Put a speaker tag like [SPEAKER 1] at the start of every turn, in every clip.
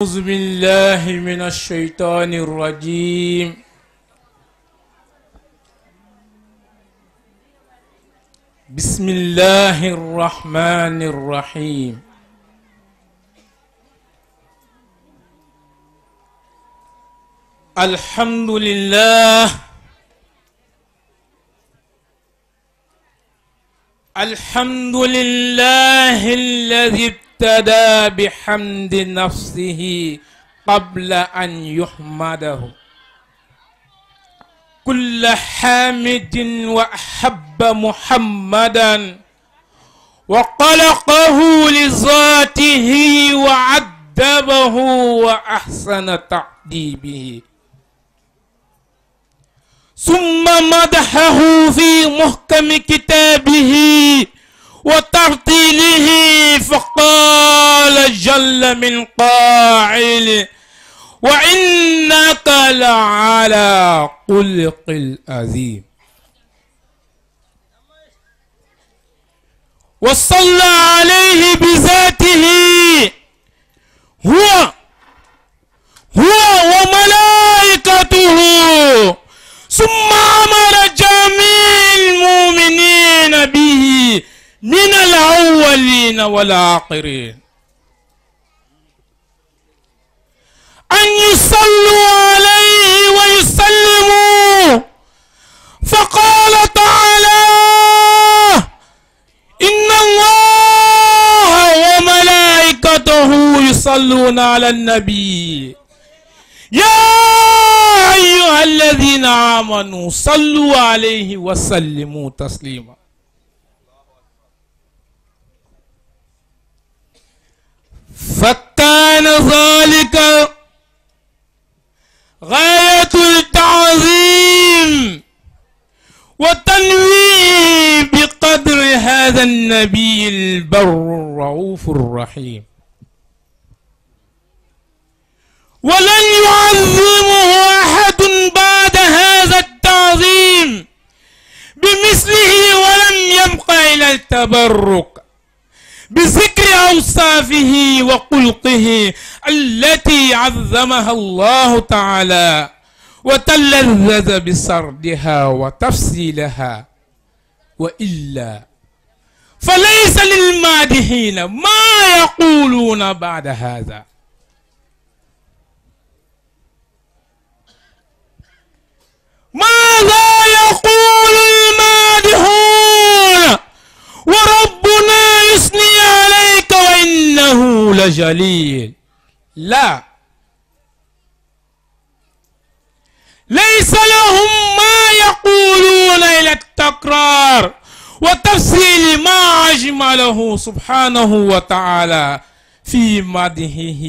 [SPEAKER 1] أعوذ بالله من الشيطان الرجيم بسم الله الرحمن الرحيم الحمد لله الحمد لله الذي ابتدى بحمد نفسه قبل أن يحمده كل حامد وأحب محمدا وقلقه لذاته وعدبه وأحسن تعذيبه ثم مدحه في محكم كتابه وترتيله فقال جل من قائل وإنك لعلى خلق العظيم وصلى عليه بذاته هو والآخرين أن يصلوا عليه ويسلموا فقال تعالى إن الله وملائكته يصلون على النبي يا أيها الذين آمنوا صلوا عليه وسلموا تسليما كان ذلك غاية التعظيم والتنويه بقدر هذا النبي البر الرؤوف الرحيم ولن يعظمه أحد بعد هذا التعظيم بمثله ولم يبق إلى التبرك بذكر أوصافه وخلقه التي عظمها الله تعالى وتلذذ بسردها وتفصيلها وإلا فليس للمادحين ما يقولون بعد هذا ماذا يقول إنه لجليل لا ليس لهم ما يقولون إلى التكرار وتفصيل ما أجمله سبحانه وتعالى في مدحه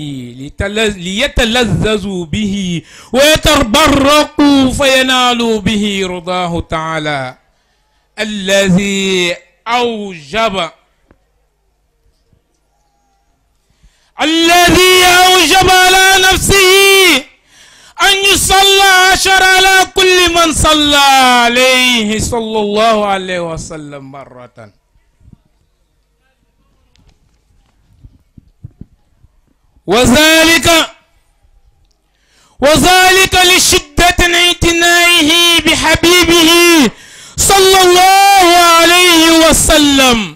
[SPEAKER 1] ليتلذذوا به ويتبرقوا فينالوا به رضاه تعالى الذي أوجب الذي أوجب على نفسه أن يصلى عشر على كل من صلى عليه صلى الله عليه وسلم مرة وذلك وذلك لشدة اعتنائه بحبيبه صلى الله عليه وسلم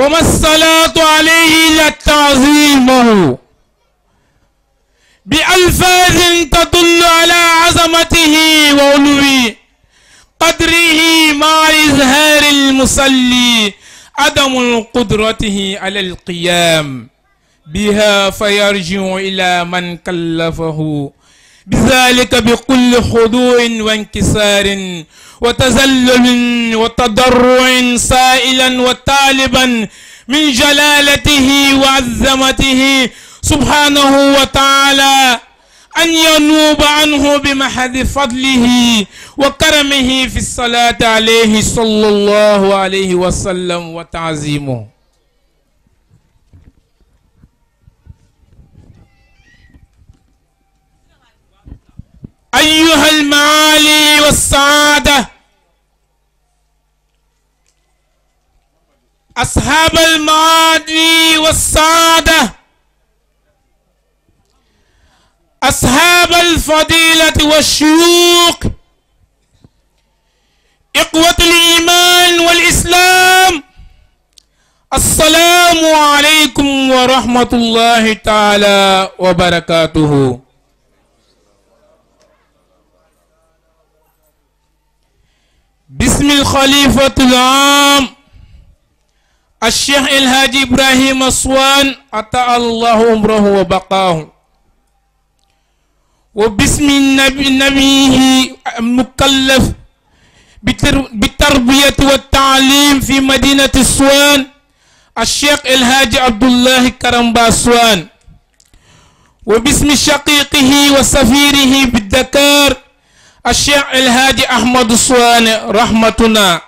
[SPEAKER 1] وما الصلاة عليه لتعظيمه بألفاظ تدل على عظمته وعلو قدره مع إظهار المصلي عدم قدرته على القيام بها فيرجع إلى من كلفه بذلك بكل خضوع وانكسار وتذلل وتضرع سائلا وطالبا من جلالته وعظمته سبحانه وتعالى أن ينوب عنه بمحض فضله وكرمه في الصلاة عليه صلى الله عليه وسلم وتعظيمه أيها المعالي والسعادة أصحاب المعالي والسعادة أصحاب الفضيلة والشيوخ إقوة الإيمان والإسلام السلام عليكم ورحمة الله تعالى وبركاته بسم الخليفة العام الشيخ الهادي إبراهيم أسوان أتى الله عمره وبقاه وباسم النبي نبيه المكلف بالتربية والتعليم في مدينة أسوان الشيخ الهادي عبد الله كرم أسوان وباسم شقيقه وسفيره بالدكار الشيخ الهادي أحمد صوان رحمتنا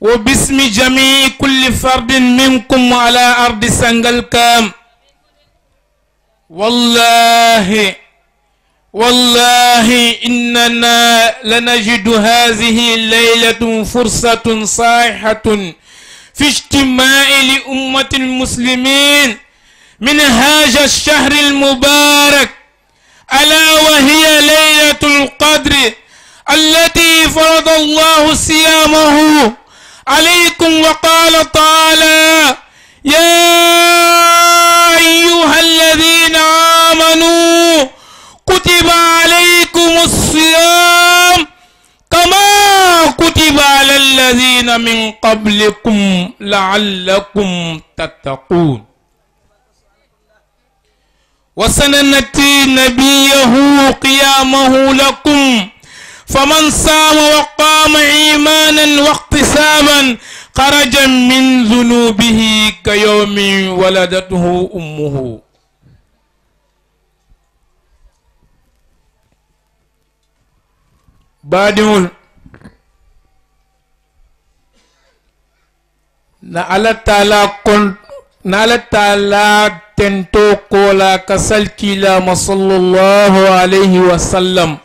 [SPEAKER 1] وباسم جميع كل فرد منكم على أرض سنغالكام والله والله إننا لنجد هذه الليلة فرصة صائحة في اجتماع لأمة المسلمين من هذا الشهر المبارك ألا وهي ليلة القدر التي فرض الله صيامه عليكم وقال تعالى يا أيها الذين آمنوا كتب عليكم الصيام كما كتب على الذين من قبلكم لعلكم تتقون وسننتي نبيه قيامه لكم فمن صام وقام إيمانا واقتساما خرج من ذنوبه كيوم ولدته أمه baadiŋol na ala taala kon na tento kola ka salkilama sallallahu alayhi wa sallam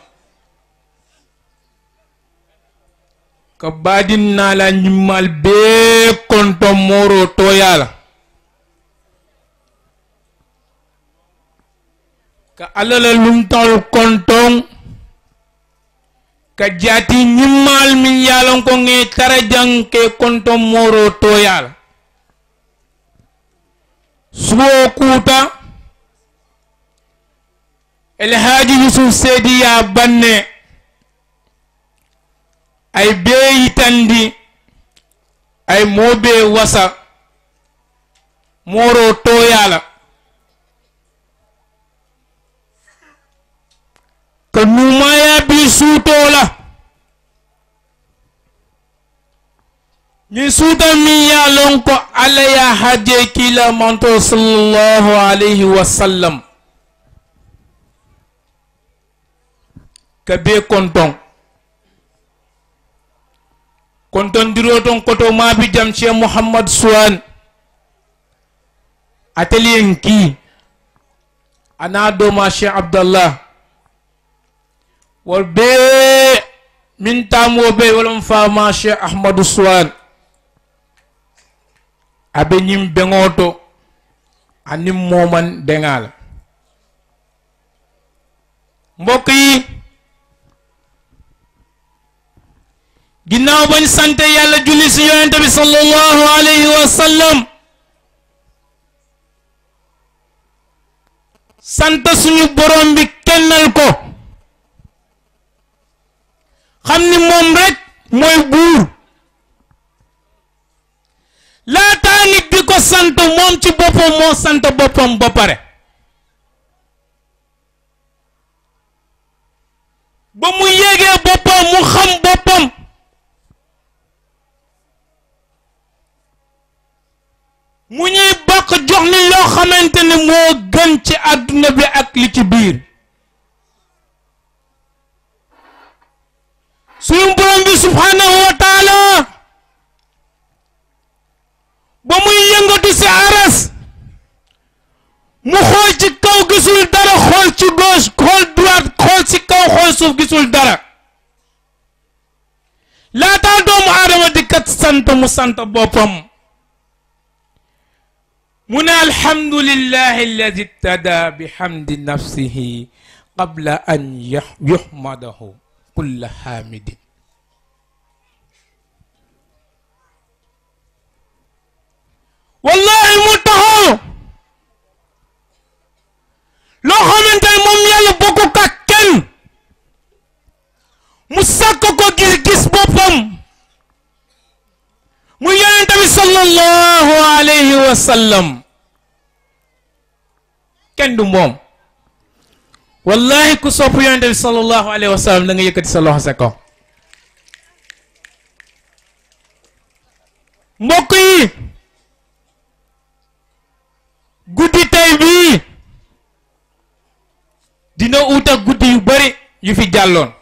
[SPEAKER 1] ka badin nala ñimmal be konto moro toyala ka alala lumtawol konton ka jati ñimmal min yalan ko ŋe tara jang ke konto moro toyala suwokuuta elhaaji yusuf seydiya banne ay beeyitandi ay mooɓe wasa mooro toyaala ko numaya bi suutola ni suuta min yaalon ko alla ya haaje kiila manto alayhi wa ka bee konton konton diroo ton koto maabi jam cee mouhammad suwan atelier kii ana dooma abdallah wol bee min taamoo bee wolon faama cheikh ahmadou suwan abe ñim anim ani moman deŋal mbok yi ginnaaw bañ sante yalla julli si bi sallallahu alayhi wa sallam sante suñu borom bi kennal ko xamni mom rek moy laataa nit di ko sant moom ci boppam moo sant boppam ba pare ba mu yéegee boppam mu xam boppam mu ñuy bokk jox ni loo xamante moo gën ci àdduna bi ak li ci biir suñu borom bi subhanahu wa ba muy yëngatu si aras mu xool ci kaw gisul dara xool ci gauche xool droite xool ci kaw xool suuf gisul dara laataa doomu aadama di kat sant mu sant boppam mu ne alhamdulillahi alladi ibtada bi hamdi nafsihi qabla an yuhmadahu kulla haamidin wasallam ken du mom wallahi ku sopp yonente bi sallallahu alaihi wasallam da nga yëkkati sa loxo sa kaw mbokk yi guddi dina uta guddi yu bari yu fi jallon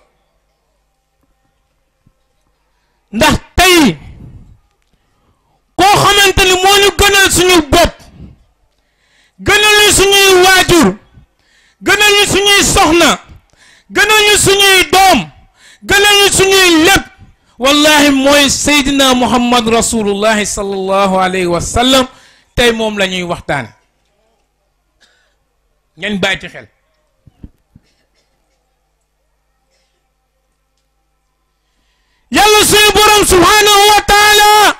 [SPEAKER 1] ndax tay ko xamanteni ni ñu gënal suñu bopp gënal ñu suñuy waajur gënal ñu suñuy soxna gënal ñu doom gënal ñu suñuy wallahi mooy seydina muhammad rasulullahi sallallahu alayhi wa sallam tey moom la ñuy waxtaane xel yàlla suñu borom subhanahu wa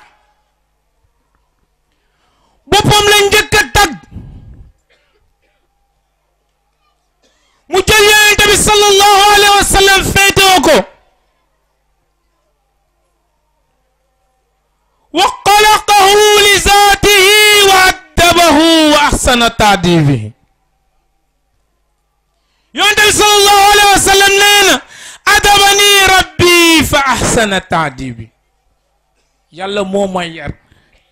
[SPEAKER 1] boppam la njëkk a tag mu jël yonente bi sallallahu alayhi wa sallam féetewoo ko wa xalaqahu li zaatihi wa addabahu wa axsana taadibihi yonente bi sallallahu alayhi wa sallam nee na adabani rabbi fa axsana taadibi yàlla moo ma yar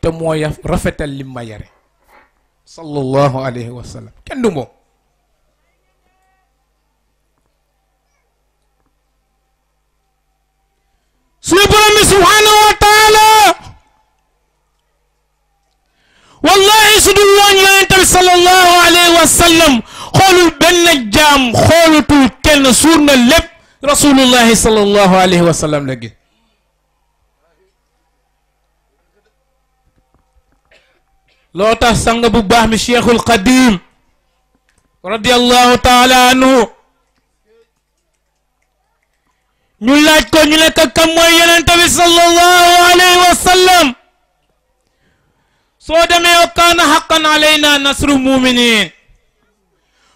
[SPEAKER 1] تمويا رفتا لما يري صلى الله عليه وسلم كان دمو سبحان سبحانه وتعالى والله سدو الله صلى الله عليه وسلم خلو بن جام خلو تو سورنا لب رسول الله صلى الله عليه وسلم لقيت loo tax sang bu baax mi cheikhul qadim radiallahu taala anhu ñu laaj ko ñu nekk kam mooy yenente bi sallallahu alayhi wa sallam soo demee wa kaana xaqan alayna nasru muminin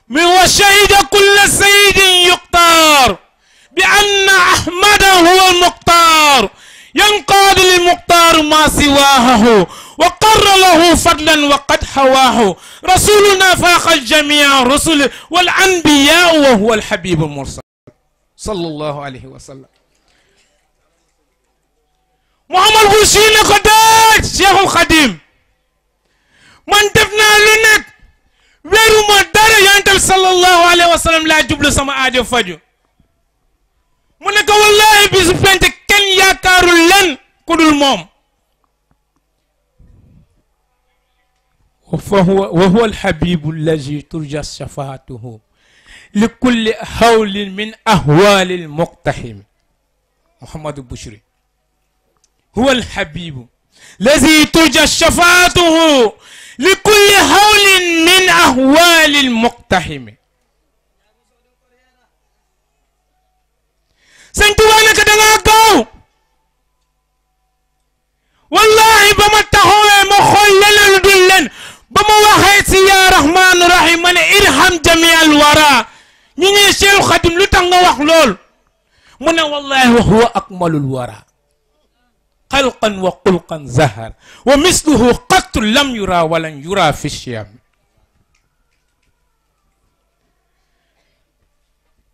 [SPEAKER 1] mi wa shahida kulla sayidin yuqtaar bi anna ahmada huwa almuqtaar yanqaadu lilmuqtaaru ma siwaahahu وقر له فضلا وقد حواه رسولنا فاق الجميع الرسل والانبياء وهو الحبيب المرسل صلى الله عليه وسلم محمد حسين قداد شيخ القديم من دفنا لنك ويرو ما دار ينتل صلى الله عليه وسلم لا جبل سما عادي فاجو منك والله بيز بنت كن يا كارو لن كدول موم فهو وهو الحبيب الذي ترجى شفاعته لكل حول من أهوال المقتحم محمد البشري هو الحبيب الذي ترجى شفاعته لكل حول من أهوال المقتحم سنتوانا كدنا قو والله بما تهوى مخلل الدنيا ba mu waxee si yaa rahmaan rahim ma ne irham jamial wara ñu ñuy Cheikh Khadim lu tax nga wax lool mu ne wallahi wa huwa akmalul wara xalqan wa xulqan zahar wa misluhu qattu lam yura walan yura fi shiyam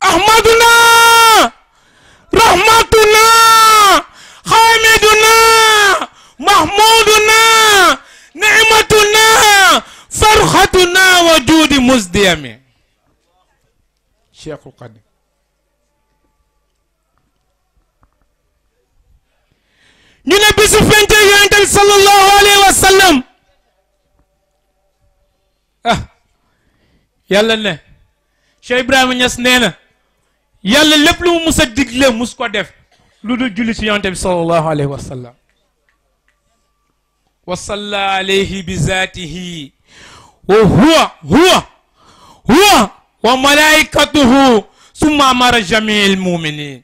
[SPEAKER 1] ahmaduna rahmat فرحتنا وجود مزديم شيخ القديم ñu ne bisu fente yonente bi sallallahu alayhi wa sallam ah ne Cheikh Ibrahima Niass nee na lépp lu mu mus digle mus def lu dul julli ci yonente bi sallallahu alayhi wa sallam wa salla alayhi bi وهو هو هو وملائكته ثم أمر جميع المؤمنين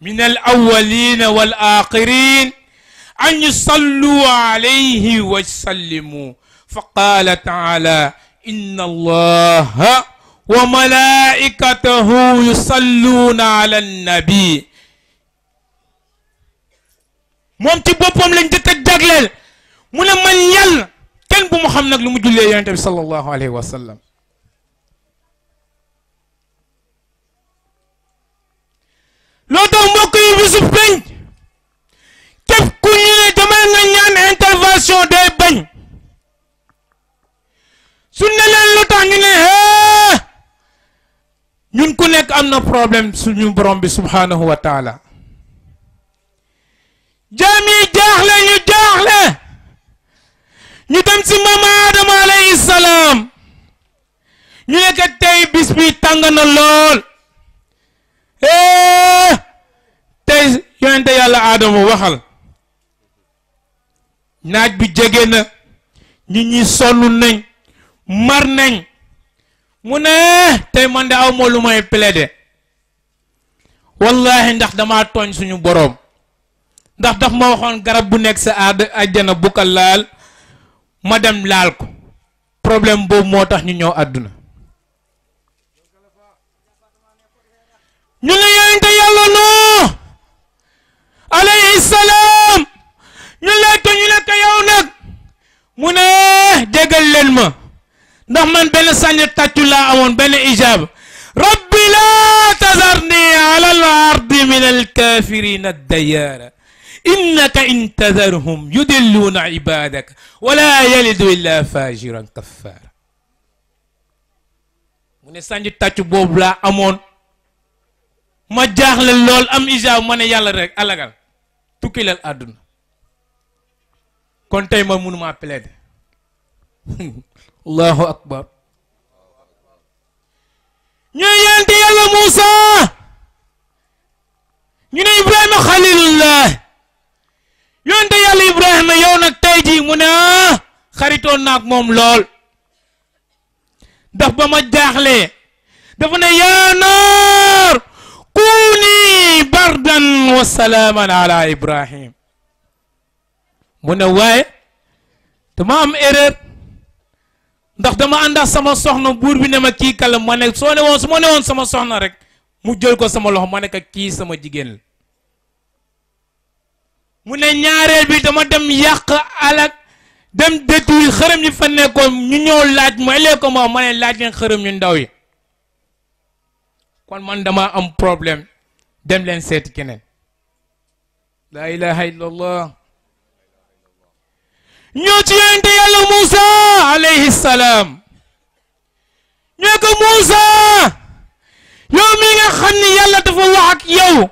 [SPEAKER 1] من الأولين والآخرين أن يصلوا عليه ويسلموا فقال تعالى إن الله وملائكته يصلون على النبي مومتي بوبوم لنجتك جاغلل mu ne man yàlla kenn bu mu xam nag lu mu jullee yonente bi sallallahu alayhi wa sallam loo tax mbokk yi bisu penc képp ku ñu ne demal nga ñaan intervention day bañ su ne leen lu tax ñu ne hee ñun ku nekk am na problème suñu borom bi subhaanahu wa taala jaam yi jaaxle ñu jaaxle ñu dem ci mama adam alayhi salam ñu nek tay bis bi tangana lol eh tay yonente yalla adam waxal naaj bi jégué na ñi ñi sonu nañ mar nañ mu ne tay man da aw moo lu may plaidé wallahi ndax dama togn suñu borom ndax daf mo waxon garab bu nek sa aada ajjana madame dem laal ko problème boobu motax ñu ñëw aduna ñu la yoyante yàlla no alayhi salam ñu la ko ñu la ko yow nak mu ne jégal len ma ndax man ben sànni tatu la amon ben ijab rabbi la tazarni ala al ard min al kafirin ad dayyaara إنك إن تذرهم يدلون عبادك ولا يلد إلا فاجرا كفارا من سانجي تاتو لا امون ما جاخل لول ام ايجا من يالا رك الاغال توكي لال ادنا كون تاي ما مونو ما بلاد الله اكبر ني يالتي يالا موسى ني ابراهيم خليل الله yonte yàlla Ibrahima yow nak tay ji muna xariton nak mom lol daf bama jaxle daf ne ya nar kuni bardan wa salaaman ala Ibrahim muna way waaye ma am erreur ndax dama anda sama soxna buur bi ne ma ki kala ma ne soo ne won su ma ne woon sama soxna rek mu jël ko sama loxo ma ne ko kii sama jigen la mu ñaarel bi dama dem yàq alak dem detuy xërëm yi fa nekkoon ñu ñëw laaj ma elé ko mo mané laaj leen xërëm ñu ndaw yi kon man dama am problème dem len séti keneen la ilaha illallah ñu ci yent yàlla musa alayhi salam ñoo ko musa yow mi nga xamni yàlla dafa wax ak yow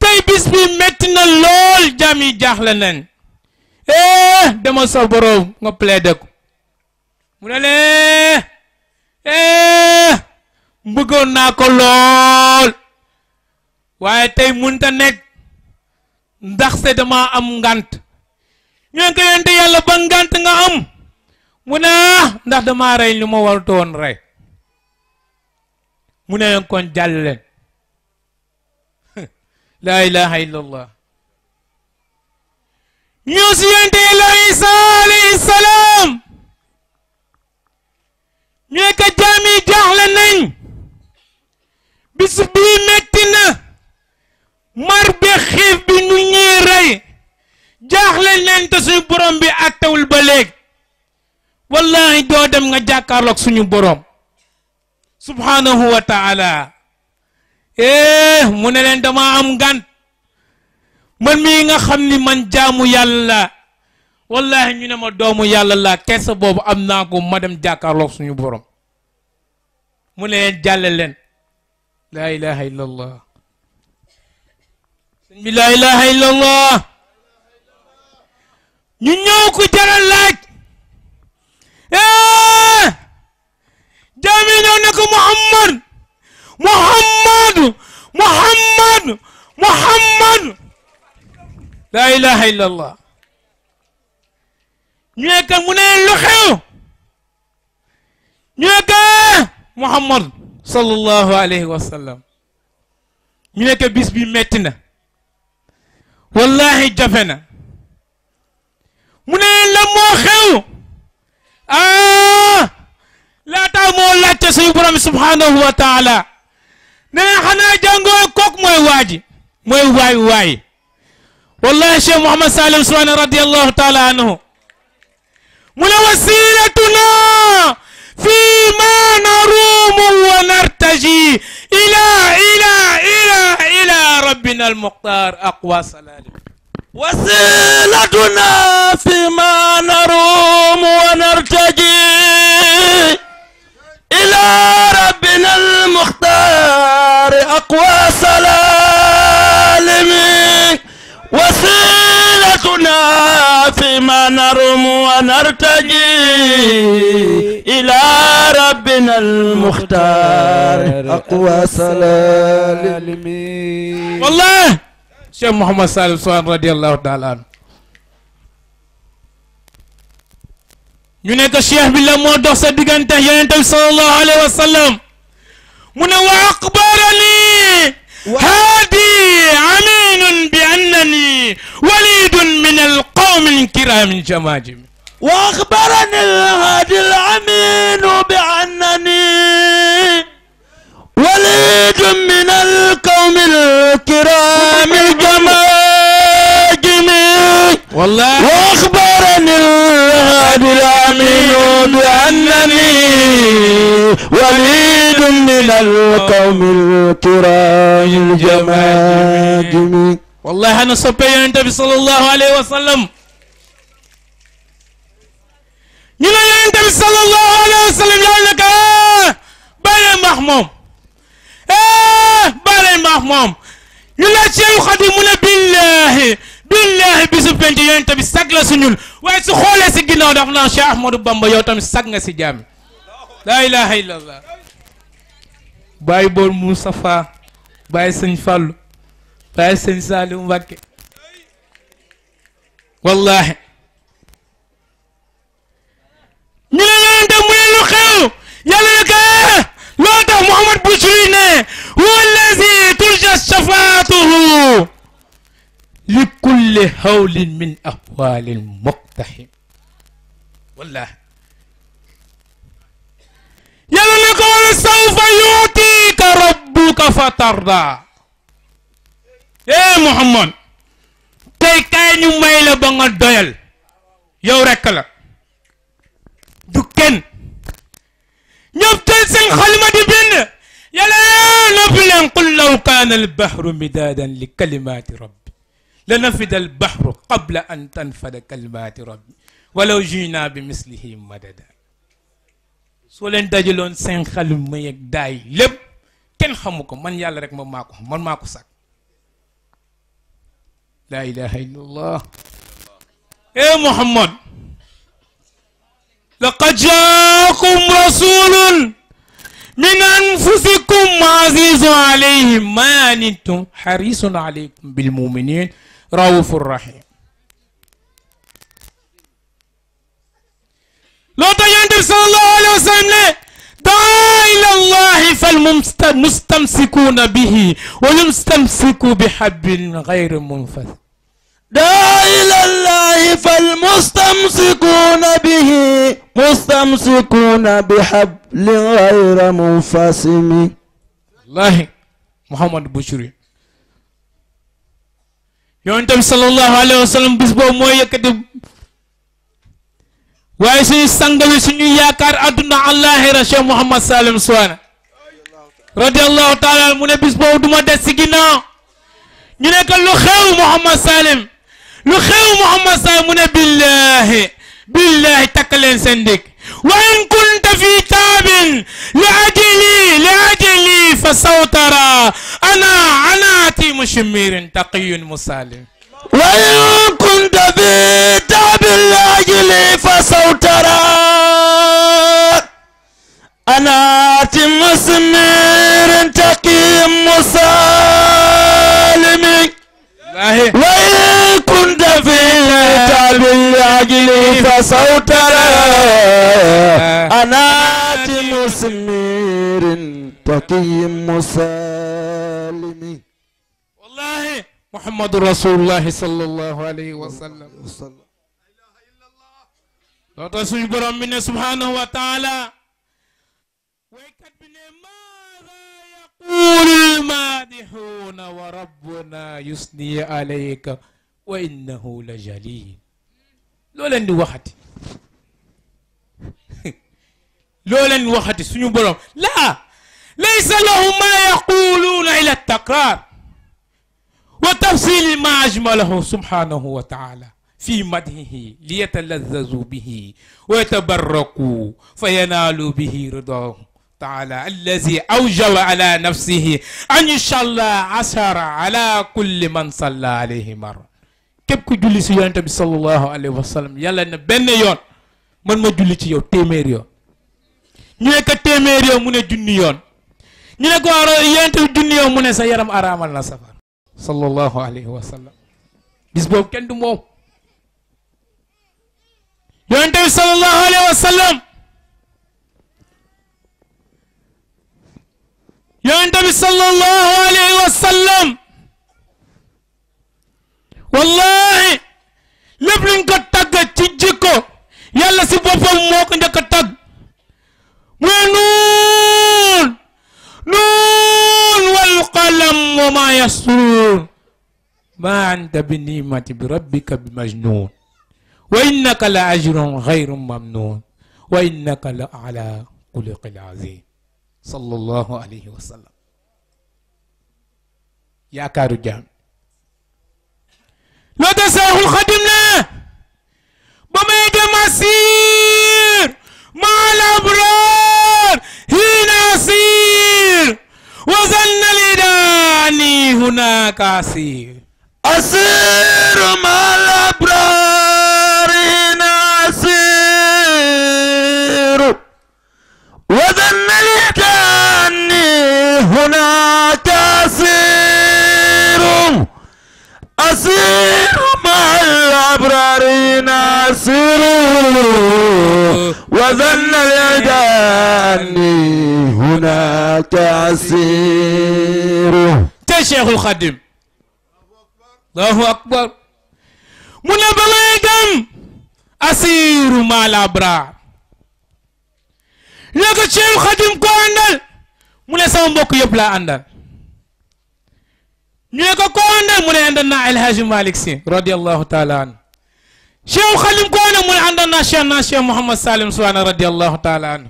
[SPEAKER 1] tay bis bi metti na lol jami jaxle nañ eh dama so borom nga plaide ko mu ne eh mbugon na ko lool waaye tey munta nek ndax se dama am ngant ñu ko yente yàlla ba ngant nga am mu ne ah, ndax dama ray luma war ton ray mu ne kon jàll لا إله إلا الله نيوسي أنتي إلهي عليه السلام نيكا جامي جاهلنا بس بي متنا مر بي خيف بي نيني ري انت سنو بروم بي والله دو دم نجاكار لك سنو سبحانه وتعالى eh mu ne leen dama am ngànt man mii nga xam ni man jaamu yàlla laa wallahi ñu ne ma doomu yàlla la kees boobu am naa ko ma dem jàkkaarloog suñu borom mu ne leen jàlle leen laa ilaha illa allah sëñ laa ñu ñëw ko jaral laaj eh, jaami ñëw ne ko muhammad محمد محمد محمد لا اله الا الله نيكا مني لخيو نيكا محمد صلى الله عليه وسلم نيكا بس بي متنا والله جفنا مني لا مو اه لا تعمل لا تسيب سبحانه وتعالى نحن جنغو كوك موي واجي واي والله شيخ محمد سالم سبحانه رضي الله تعالى عنه من وسيلتنا فيما نروم ونرتجي الى الى الى الى ربنا المختار اقوى سلالم وسيلتنا فيما نروم ونرتجي إلى ربنا المختار أقوى سلالم وسيلتنا فيما نرم ونرتجي إلى ربنا المختار أقوى سلالم والله شيخ محمد سالم سؤال رضي الله تعالى عنه يونيك الشيخ بالله موضوح سبقان تهيان صلى الله عليه وسلم من وأقبرني هادي عمين بأنني وليد من القوم الكرام الجماجم وأخبرني الهادي العمين بأنني وليد من القوم الكرام الجماجم والله وأخبرني الهادي العمين يؤمن بأنني وليد من القوم التراه الجماد والله أنا صبي أنت صلى الله عليه وسلم نلا أنت صلى الله عليه وسلم لأنك بل محموم إيه، بل محموم يلا شيخ خدمنا بالله billaahi bisu penc yonent bi sag la ñun waaye su xoolee si ginnaaw dafa naan Cheikh Ahmadou Bamba yow sag nga si jaami laa ilaaha illallah bàyyi boor Moustapha bàyyi sëñ Fallou bàyyi sëñ Saliou Mbacké wallaahi ñu ne yonente mu ne lu xew yàlla ne ko eh, loo tax Mouhamad Bouchri turja shafaatuhu لكل هول من أهوال المقتحم والله يا يلقون سوف يعطيك ربك فترضى يا إيه محمد كي كان يميل بان الدول يو ركلا دكين نبتل سن خلمة بن يلا نبلن قل لو كان البحر مدادا لكلمات ربك لنفد البحر قبل أن تنفد كلمات ربي ولو جينا بمثله مددا سولن دجلون سين خل ميك داي لب كن خموكم من يالا رك ماكو من ماكو ساك لا اله الا الله يا إيه محمد لقد جاءكم رسول من انفسكم عزيز عليهم ما انتم حريص عليكم بالمؤمنين رؤوف الرحيم لو تجد صلى الله عليه وسلم دعا إلى الله فالمستمسكون به ويمستمسكوا بحب غير منفذ دعا إلى الله فالمستمسكون به مستمسكون بحبل غير منفسم الله محمد بشري yonent bi sallallahu alayhi wa sallam mooy yëkkati waaye suñu sang bi suñu yaakaar àdduna àllaaxira Cheikh Mouhamad Salim Souane radiyallahu taala mu ne bis boobu des si ñu ne que lu xew Mouhamad Salim xew Mouhamad Salim mu ne billahi takk leen seen dégg وإن كنت في تاب لأجلي لأجلي فسوترا أنا عناتي مشمير تقي مسالم وإن كنت في تاب لأجلي فسوترا أنا عناتي مشمير تقي مسالم وإن كنت في تعب لأجل فصوتر أنا مسمير تقي مسالم والله محمد رسول الله صلى الله عليه وسلم لا suñu borom bi ne subhanahu wa taala waykat bi ne maa مادحون وربنا يثني عليك وانه لجليل لولن وقت لولا وقت سني بروم لا ليس له ما يقولون الى التكرار وتفصيل ما اجمله سبحانه وتعالى في مدحه ليتلذذوا به ويتبركوا فينالوا به رضاهم تعالى الذي أوجب على نفسه أن يصلى عشر على كل من صلى عليه مرة képp ku julli si yonent bi sallallahu alayhi wa sallam yàlla ne benn yoon man ma julli ci yow téeméer yoon ñu ne ko téeméer yoon mu ne junni yoon ñu ne ko yonent bi junni yoon mu ne sa yaram araamal na safar sallallahu alayhi wa sallam bis boobu kenn du moom yonent bi sallallahu alayhi wa sallam النبي صلى الله عليه وسلم والله لبلن كتاك تجيكو يلا سبب موك انجا كتاك نون نون والقلم وما يسرون ما عند بنيمة بربك بمجنون وانك لاجر غير ممنون وانك لعلى خلق العظيم صلى الله عليه وسلم يا كارو جام لا تساه الخدمنا بما يجمع سير مع الأبرار هنا سير وزن لداني هناك سير أسير مع الأبرار هناك أسير أسير مع الأبرار نسير وظن اليد هناك أسير شيخ الخادم الله أكبر من بلغم أسير مع الأبرار لك شيخ الخادم كوندل mu ne sama mbokk yëpp laa àndal ñu ne ko koo àndal mu ne àndal naa El Hadj Malick si radiallahu taala anhu Cheikh Xalim koo àndal mu ne àndal naa Cheikh naa Cheikh Mouhamad Salim Souane radiallahu taala anhu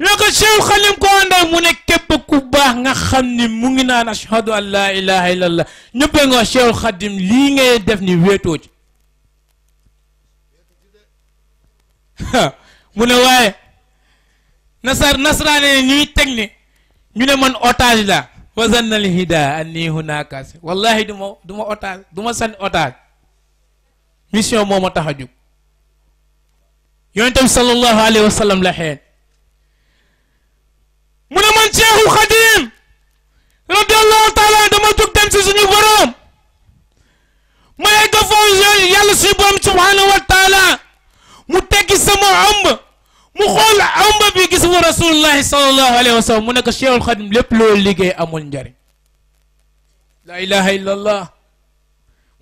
[SPEAKER 1] ñu ne ko Cheikh Xalim koo àndal mu ne képp ku baax nga xam ni mu ngi naan ashhadu an laa ilaha illallah ñëppee nga Cheikh Xadim lii ngay def ni wéetoo ci mu ne waaye nasar nasraane ñuy teg ni ñune man otage la wa zanna al hida anni hunaka wallahi duma duma otage duma san otage mission moma ma tax sallallahu alayhi wa sallam la hen mune man Cheikhul Khadim radiyallahu taala dama juk dem ci suñu borom malayka foofu yàlla subhanahu wa taala mu tekki sama omb mu xol am ba bi gis mu rasulullah sallallahu Alaihi Wasallam, mu nek Cheikhul Khadim lepp lo liggey amul njariñ la ilaha illallah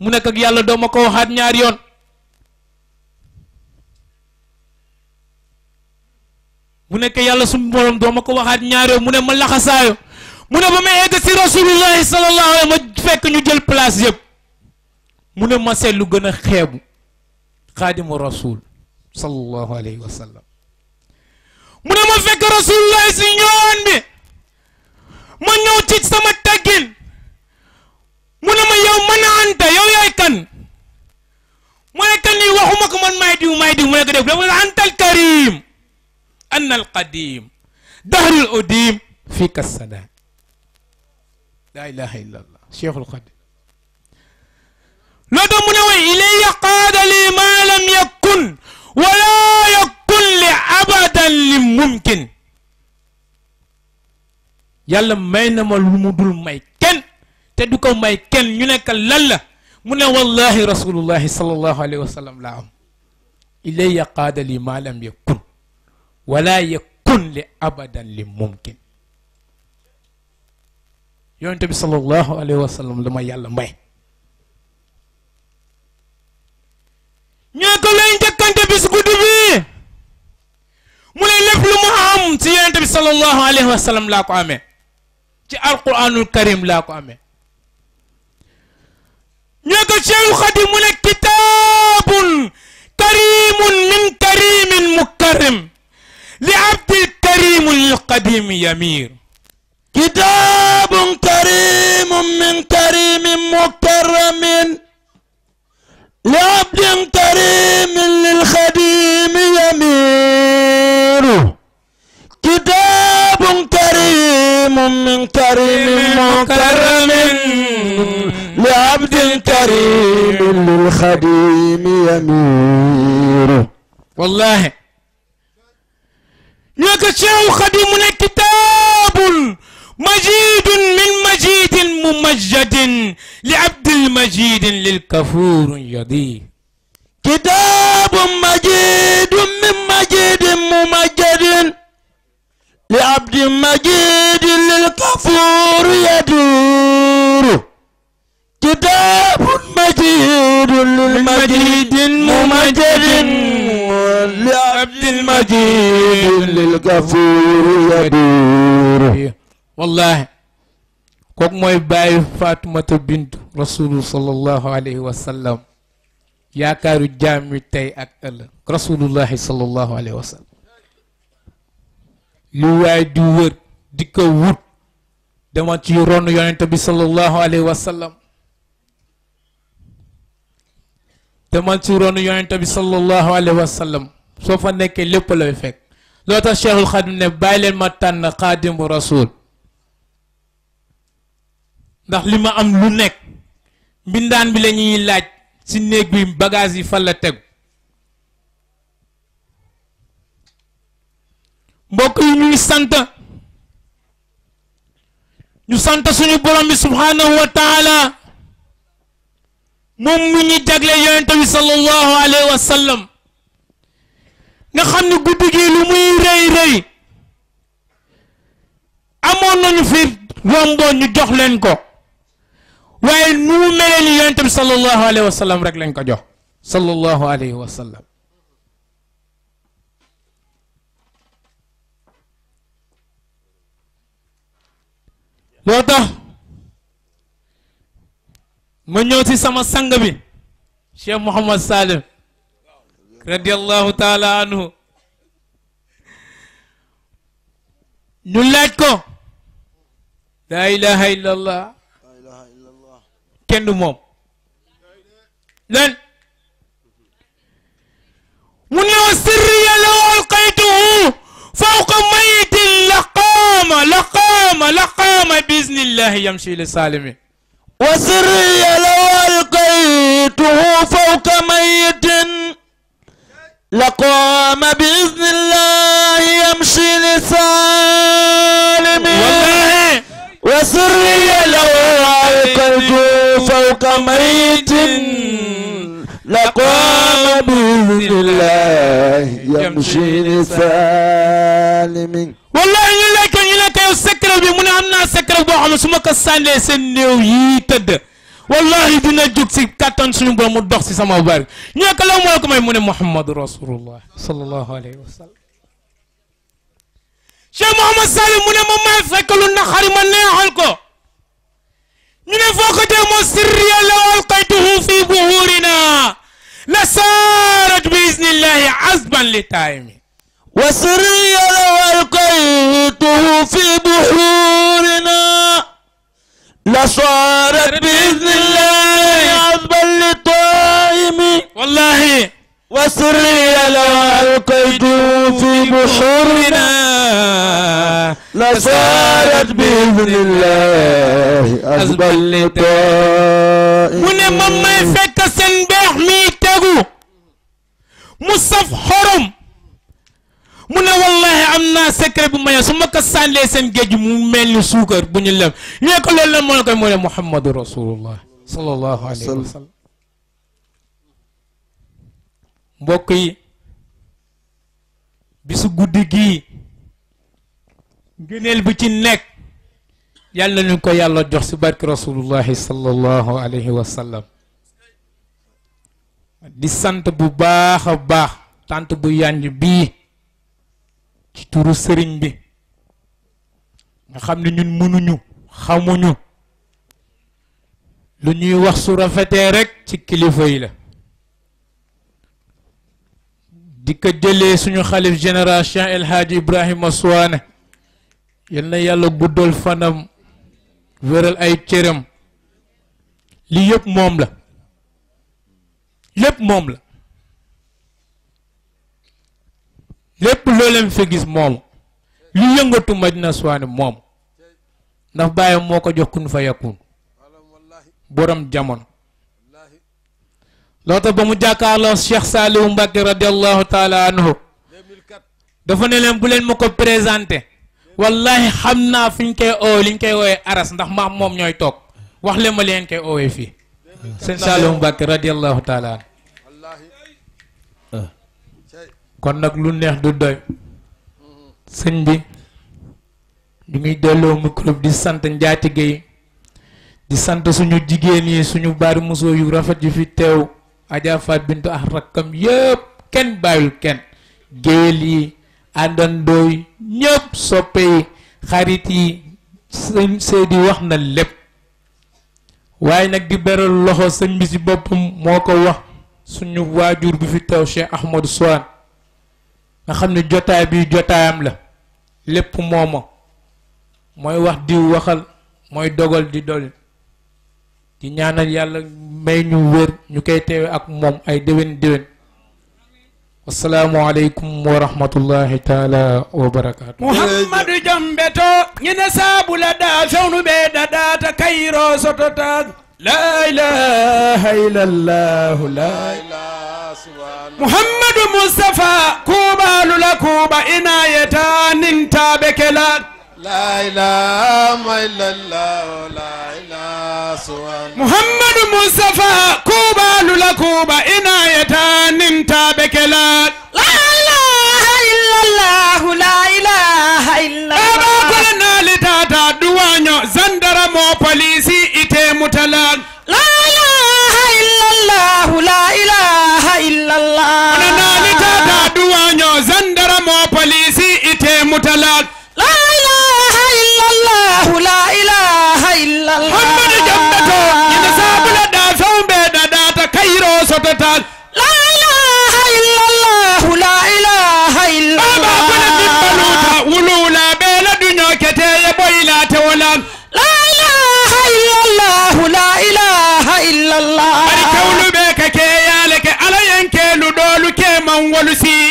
[SPEAKER 1] mu nek ak yalla do mako ko ñaar yon mu nek yalla sun borom do mako waxat ñaar yoon mu ne ma laxasaayo mu ne ba egg si Rasulullah sallallahu Alaihi Wasallam, fekk ñu jël place yeb mu ne ma lu rasul sallallahu Alaihi Wasallam. mu ne ma fekk rasulullahi si ñoon bi ma ñëw ci sama teggin mu ne ma yow mën a anta yow yaay kan mu ne kan yi waxuma ko man maay diw maay diw mu ne ko def dafa anta al karim anna al qadim dahril udim fika sada la ilaha illa allah cheikhul qadim loo tax mu ne way ilayya qaada li ma lam yakun wala yakun كل أبدا لممكن yàlla may na ma lu mu dul may kenn te du ko may kenn ñu nekk lan la mu ne wallahi rasulullahi sallallahu alayhi wa sallam laa am ilaya qaada li ma lam yakun wala yakun li abadan li mumkin yonente bi sallallahu alayhi wa sallam la ma yàlla may ñu ne ko lay njëkkante bis guddi bi مولاي لبلوم تيانت صلى الله عليه وسلم لا امي تي القران الكريم لا امي نيكو شيخ خديم كتاب كريم من كريم مكرم لعبد الكريم القديم يمير كتاب كريم من كريم مكرم لعبد كريم للخير من كريم مكرم لعبد كريم للخديم يمير والله يكشف خديمنا كتاب مجيد من مجيد ممجد لعبد المجيد للكفور يدي كتاب مجيد من مجيد ممجد لعبد المجيد للكفور يدور كتاب مجيد للمجيد ممجد لعبد المجيد للكفور يدور والله كوك موي باي فاطمة بنت رسول صلى الله عليه وسلم يا كارو جامي تاي اكل رسول الله صلى الله عليه وسلم لواي دوور di wut dama ci ron yonent bi sallallahu alaihi wasallam dama ci ron yonent bi sallallahu alaihi wasallam so fa nekkee lépp lay fek lota cheikhul khadim ne bàyyi ma tan xaadimu rasul ndax lima am lu nek mbindaan bi lañuy laaj ci néeg bi bagage yi fa la tegu mbokk yi ñuy sante ñu sant suñu borom bi subhanahu wa taala moom mi ñu jagle yonente bi sallallahu alayhi wa sallam nga xam ne guddi gi lu muy rëy rëy amoon nañu fi romboon ñu jox leen ko waaye nu mu melee ni yonente bi sallallahu alayhi wa sallam rek lañ ko jox sallallahu alayhi wa sallam lota tax ma ñëw ci sama sang bi Cheikh Mouhamad Salim radiallahu taala anhu ñu laaj ko la ilaha illa allah kenn du lan mu ne wa sirriya law alqaytuhu fawqa may لقام لقام بإذن الله يمشي لسالم وسري لو ألقيته فوق ميت لقام بإذن الله يمشي لسالم والله وسري لو ألقيته فوق ميت لقام بإذن الله يمشي لسالم والله xol bi mu ne am naa secret boo xam ne su ma ko sànnee seen néew yii tëdd wallahi dina jóg si kattan suñu borom mu dox si sama bari ñoo ko law moo ko may mu ne Muhammadu Rasulullah sallallahu alayhi wa sallam Cheikh Mouhamad Salim mu ne ma may fekk lu naqari ma neexal ko ñu ne foo ko dee moo sirriya law alqaytuhu fi buhurina la saarat bi iznillahi azban li taayimi wa sirriya law رأيته في بحورنا لصارت بإذن الله عذبا للطائم والله وسري لو ألقيته في بحورنا لصارت بإذن الله عذبا للطائم ونمم فكسن بحمي تغو مصف حرم mu ne wallahi am naa secret bu ma su ma ko sànnee seen géej mu mel ni suukar bu ñu lem ñu ne ko loolu la moo koy mu ne muhammadu rasulullah mbokk yi bisu guddi gii ngëneel bi ci nekk yàlla nañu ko yàlla jox si barke rasulullahi sallallahu alayhi wa di sant bu baaxa baax tànt bu yànj bii ci turu sëriñ bi nga xam ne ñun mënuñu xamuñu lu ñuy wax su rafetee rek ci kilifa yi la di ko jëlee suñu xalif génération El Hadji Ibrahima Souane yal na yàlla guddal fanam wéral ay cëram li yëpp moom la yëpp moom la lepp loo leen fa gis mom li yëngatu madina swani mom ndax bàyyam moko ko jox kun fa yakun boram jamon loo tax ba Cheikh salih mbake radiyallahu taala anhu dafa ne leen bu leen ma ko wallahi xamna fiñ koy oo aras ndax mom mom ñoy tok wax le ma leen koy oowee fi cheikh salih mbake radiyallahu taala kon nak lu neex du doy señ bi ñu ngi delloo micro di sante njaatige geey di sante suñu jigeen yi suñu baari muso yu rafet ju fi tew Adja fat Bintu ahrakam yeb ken bayul ken geel yi nyop doy ñep soppe yi xarit yi sëñ wax na lepp waaye nak di beral loxo señ bi si bopum moko wax suñu wajur bi fi tew Cheikh Ahmadou Soane nga xam ne bi jotayam la lépp mooma moy wax di waxal moy dogal di dol di ñaanal yàlla may ñu wér ñu kay téw ak mom ay déwén déwén asalaamualeykum wa rahmatullahi taala wa barakatu muhammadu jambeto ñene saabula daa fewnu ɓe dadaata kayroo sotota la ilaha illallahu la ilaha muhammadu mustapha kuɓalula kuɓa inayeta nin taɓe kela muhammadu mustapha kuɓalula kuɓa inayeta nin taɓe kela ɓaɓa kolanali tata duwaño zandaramo polisi ite mutalan la ilaha illallah la nanalita da duwanyo zandara mo polisi ite mutalat la ilaha illallah la ilaha illallah hammadu jambato ina sabula da fombe da data kairo sototal la ilaha illallah la ilaha illallah aba kuna bimbaluta wulula bela dunyo kete yebo ila tewolan la ilaha illallah la ilaha illallah wàllu si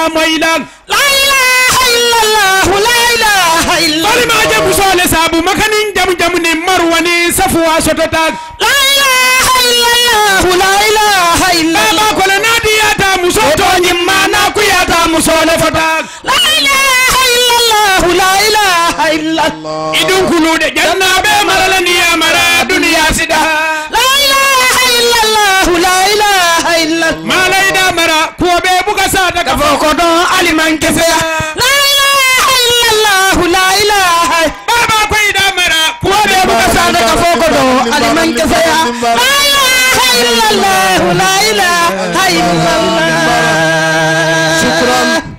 [SPEAKER 1] Isaa mooy daan la ilaha illallah la ilaha illallah bari ma jabu sole sabu makanin jamu jamu ne marwani safuwa sotota la ilaha illallah la ilaha illallah baba ko na diyata musoto nyimma na ku yata musole fota la ilaha illallah la ilaha illallah idun kulude jannabe maralani ya mara duniya sida la ilaha illallah la ilaha illallah dafoo ko doon aliman kese la ilaha illallah la ilaha baba koy damara ko be bu ka sa da dafoo ko doon aliman kese ya la ilaha illallah la ilaha illallah shukran